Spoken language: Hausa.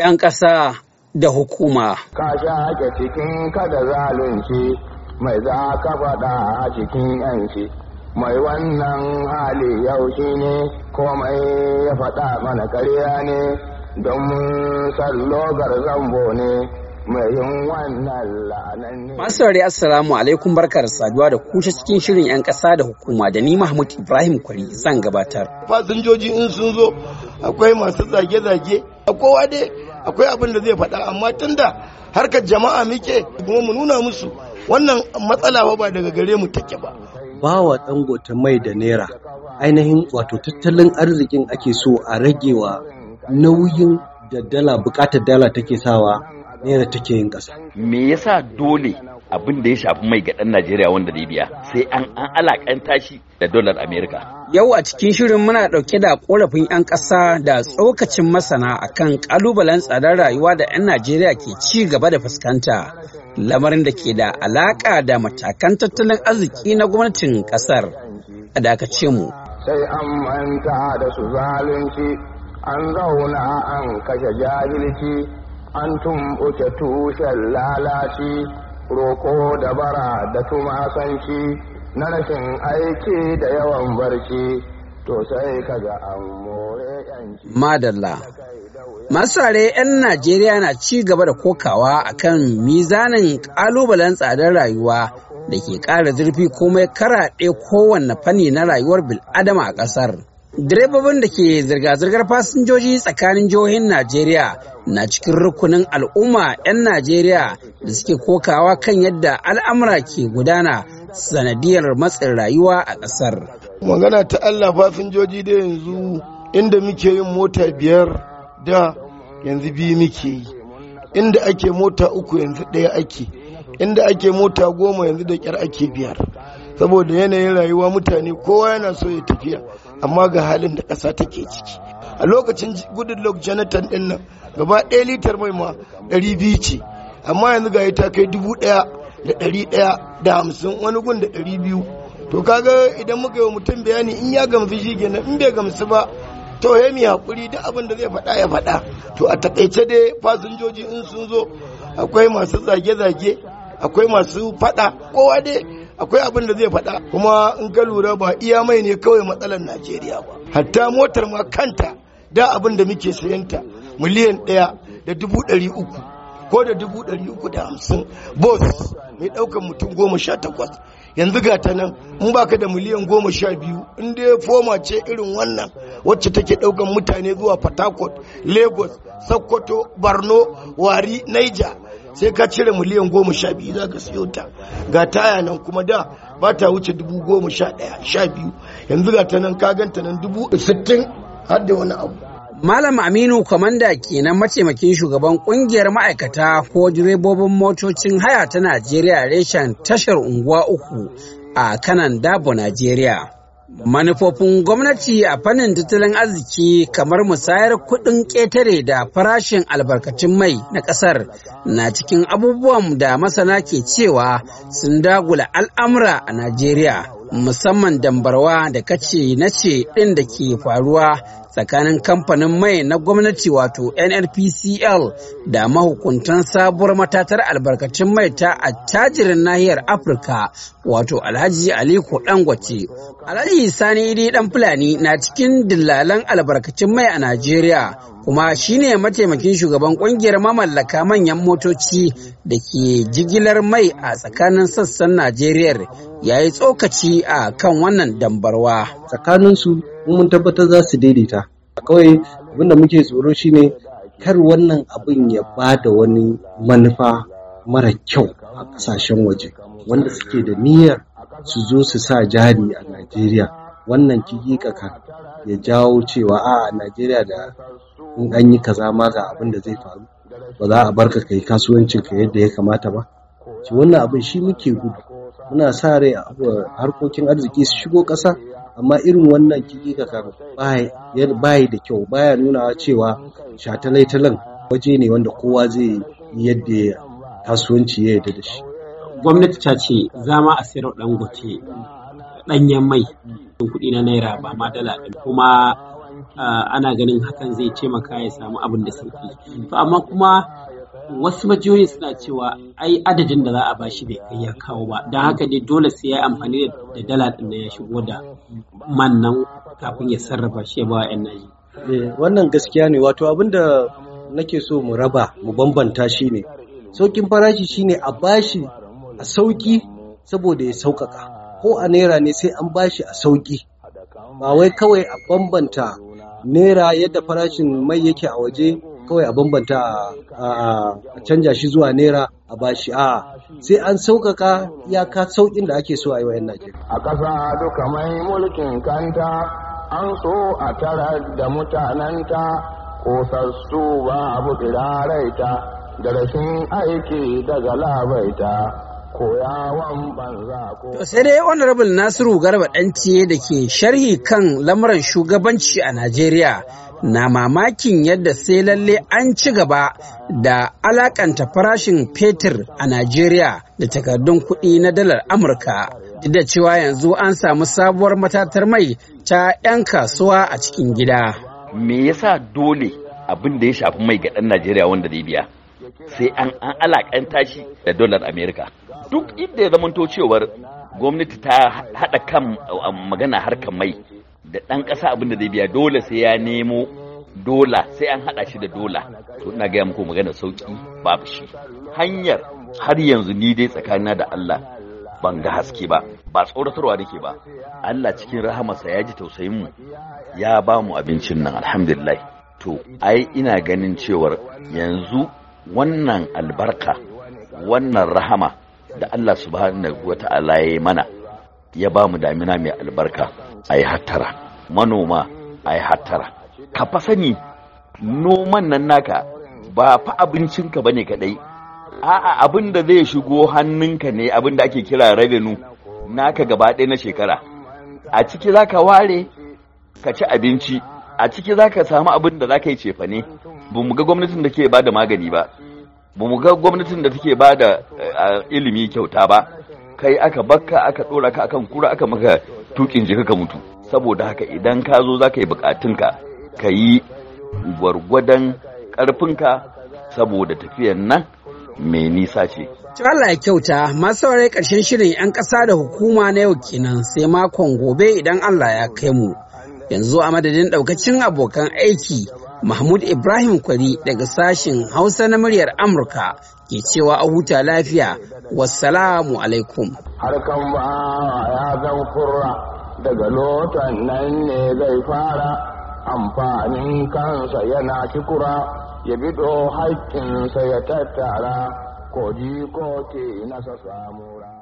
'yan ƙasa da hukuma. Ka sha ake cikin kada zalunci mai za ka faɗa a cikin yanci mai wannan hali yau shi ne komai ya faɗa mana karya ne don sallogar zambo ne. Masu saurari Assalamu alaikum barkar saduwa da kusa cikin shirin 'yan ƙasa da hukuma da ni Mahmud Ibrahim Kwari zan gabatar. Fasinjoji in sun zo akwai masu zage-zage a kowa dai akwai abin da zai faɗa amma tun da harkar jama'a muke kuma mu nuna musu wannan matsala ba daga gare mu take ba bawa dangote mai da naira ainihin wato tattalin arzikin ake so a ragewa nauyin da dala bukatar dala take sawa naira take yin ƙasa me yasa dole abin da ya shafi mai ga ɗan Najeriya wanda zai sai an alakanta shi da dolar Amerika Yau a cikin shirin muna ɗauke da ƙorafin 'yan ƙasa da tsokacin masana a kan ƙalubalen tsadar rayuwa da 'yan Najeriya ke ci gaba da fuskanta. Lamarin da ke da alaƙa da matakan tattalin arziki na gwamnatin ƙasar. A dakace mu. Sai an manta da su zalunci, an zauna an kashe jahilci, an tumbuke tushen lalaci, roƙo da bara da tumasanci. na rashin aiki da yawan barci to sai kaga an more Madalla. Masare 'yan Najeriya na ci gaba da kokawa akan mizanin ƙalubalen tsadar rayuwa da ke ƙara zurfi komai karaɗe kowanne fanni na rayuwar bil'adama a ƙasar. Direbobin da ke zirga-zirgar fasinjoji tsakanin jihohin Najeriya na cikin rukunin al'umma 'yan Najeriya da suke kokawa kan yadda al'amura ke gudana sanadiyar matsin rayuwa a ƙasar. Magana ta Allah fasinjoji da yanzu inda muke yin mota biyar da yanzu biyu muke yi. Inda ake mota uku yanzu ɗaya ake. Inda ake mota goma yanzu da ƙyar ake biyar. Saboda yanayin rayuwa mutane kowa yana so ya tafiya amma ga halin da ƙasa take ciki. A lokacin Goodluck Jonathan ɗin nan gaba ɗaya litar mai ma ɗari biyu ce amma yanzu ga ta kai dubu ɗaya da ɗari ɗaya da hamsin wani gun da ɗari biyu to kaga idan muka yi wa mutum bayani in ya gamsu shi kenan in bai gamsu ba to ya mi hakuri da abin da zai faɗa ya faɗa to a taƙaice dai fasinjoji in sun zo akwai masu zage-zage akwai masu faɗa kowa dai akwai abin da zai faɗa kuma in ka lura ba iya mai ne kawai matsalar najeriya ba hatta motar ma kanta da abin da muke sayanta miliyan ɗaya da dubu ɗari uku ko da dubu ɗari uku da hamsin bos mai ɗaukar mutum goma sha takwas yanzu ga ta nan in baka da miliyan goma sha biyu in dai foma ce irin wannan wacce take ɗaukar mutane zuwa fatakot lagos sokoto borno wari niger sai ka cire miliyan goma sha biyu za ka siyo ta ga taya nan kuma da ba ta wuce dubu goma sha ɗaya sha biyu yanzu ga ta nan ka ganta nan dubu sittin har da wani abu Malam Aminu Kwamanda kenan mataimakin shugaban kungiyar ma'aikata ko direbobin motocin haya ta Najeriya reshen tashar unguwa uku a kanan dabo Najeriya. Manufofin gwamnati a fannin tattalin arziki kamar musayar kuɗin ƙetare da farashin albarkatun mai na ƙasar na cikin abubuwan da masana ke cewa sun dagula al'amura a Najeriya. musamman dambarwa da kace na ce ɗin da ke faruwa tsakanin kamfanin mai na gwamnati wato nnpcl da mahukuntan sabuwar matatar albarkacin mai ta a tajirin nahiyar afirka wato alhaji aliko Dangwace). alhaji sani idi dan fulani na cikin dillalan albarkacin mai a najeriya kuma shine mataimakin shugaban kungiyar mamallaka manyan motoci da ke jigilar mai a tsakanin sassan najeriya ya yi tsokaci a kan wannan dambarwa tsakaninsu mun tabbatar za su daidaita kawai abinda muke tsoro shine kar wannan abin ya ba da wani manufa mara kyau a kasashen waje wanda suke da niyyar su zo su sa jari a najeriya wannan kikikaka ya jawo cewa a najeriya da in an yi kaza ma ga abin da zai faru ba za a barka kai kasuwancin ka yadda ya kamata ba wannan abin shi muke gudu muna sa rai a harkokin arziki su shigo ƙasa amma irin wannan ka kikikakan baya da kyau baya nuna cewa shatalaitalan waje ne wanda kowa zai yi yadda kasuwanci ya yadda da shi gwamnati ta ce za ma a sayar da dangote ɗanyen mai kuɗi na naira ba ma dala kuma ah, ana ganin hakan zai taimaka ya samu abin da sauki to amma kuma wasu majiyoyin suna cewa ai adadin da za a bashi bai kai ya kawo ba don haka ne dole sai ya yi amfani da dala din da ya shigo da man nan kafin ya sarrafa shi ba yan naji eh, wannan gaskiya ne wato abin da nake so mu raba mu bambanta shi ne saukin farashi shi ne a bashi a sauki saboda ya sauƙaƙa ko a naira ne sai an bashi a sauki ba wai kawai a bambanta naira yadda farashin mai yake a waje kawai a bambanta a canja shi zuwa naira a bashi a sai an sauƙaƙa iyaka sauƙin da ake so a yi wa yana ke. A ƙasa duka mai mulkin kanta an so a tara da mutanenta kosassu ba abu ƙiraraita da rashin aiki daga labaita. To sai dai Honorable Nasiru Garba ɗance da ke sharhi kan lamuran shugabanci a Najeriya na mamakin yadda sai lalle an ci gaba da alakanta farashin fetur a Najeriya da takardun kuɗi na dalar Amurka. Duk da cewa yanzu an samu sabuwar matatar mai ta 'yan kasuwa a cikin gida. Me yasa dole abin da ya shafi mai ga ɗan Najeriya wanda zai biya sai an alakanta shi da dolar Amerika. Duk inda ya zamanto cewar gwamnati ta haɗa kan magana harkar mai da ɗan ƙasa abin da zai biya dole sai ya nemo dola sai an haɗa shi da dola to ina gaya muku magana sauƙi babu shi hanyar har yanzu ni dai tsakanina da Allah ban ga haske ba ba tsoratarwa nake ba Allah cikin rahamarsa ya ji tausayin mu ya ba mu abincin nan alhamdulillah to ai ina ganin cewar yanzu wannan albarka wannan rahama da Allah subhanahu wa ta'ala ya yi mana ya ba mu damina mai albarka a yi hattara manoma a yi hattara ka fa sani noman nan naka ba fa abincinka ba ne kaɗai a'a abin da zai shigo hannunka ne abin da ake kira rabenu naka gaba ɗaya na shekara a ciki za ware ka ci abinci a ciki za samu abin da za yi cefane ba mu ga gwamnatin da ke ba da magani ba ba mu ga gwamnatin da take ba da eh, ilimi kyauta ba kai aka bakka aka ɗora ka akan kura aka maka tukin jika ka mutu saboda haka idan ka zo za ka yi bukatunka ka yi gwargwadon ƙarfinka saboda tafiyan nan mai nisa ce. Allah ya kyauta masu saurari ƙarshen shirin 'yan ƙasa da hukuma na yau kenan sai makon gobe idan Allah ya kai mu. Yanzu a madadin ɗaukacin abokan aiki Mahmud Ibrahim Kwari daga sashen Hausa na muryar Amurka ke cewa a huta lafiya. Wassalamu alaikum. Harkan ba ya zan kurra. daga lotan nan ne zai fara amfanin kansa yana kikura ya bido haƙƙinsa ya tattara ko ke nasa samura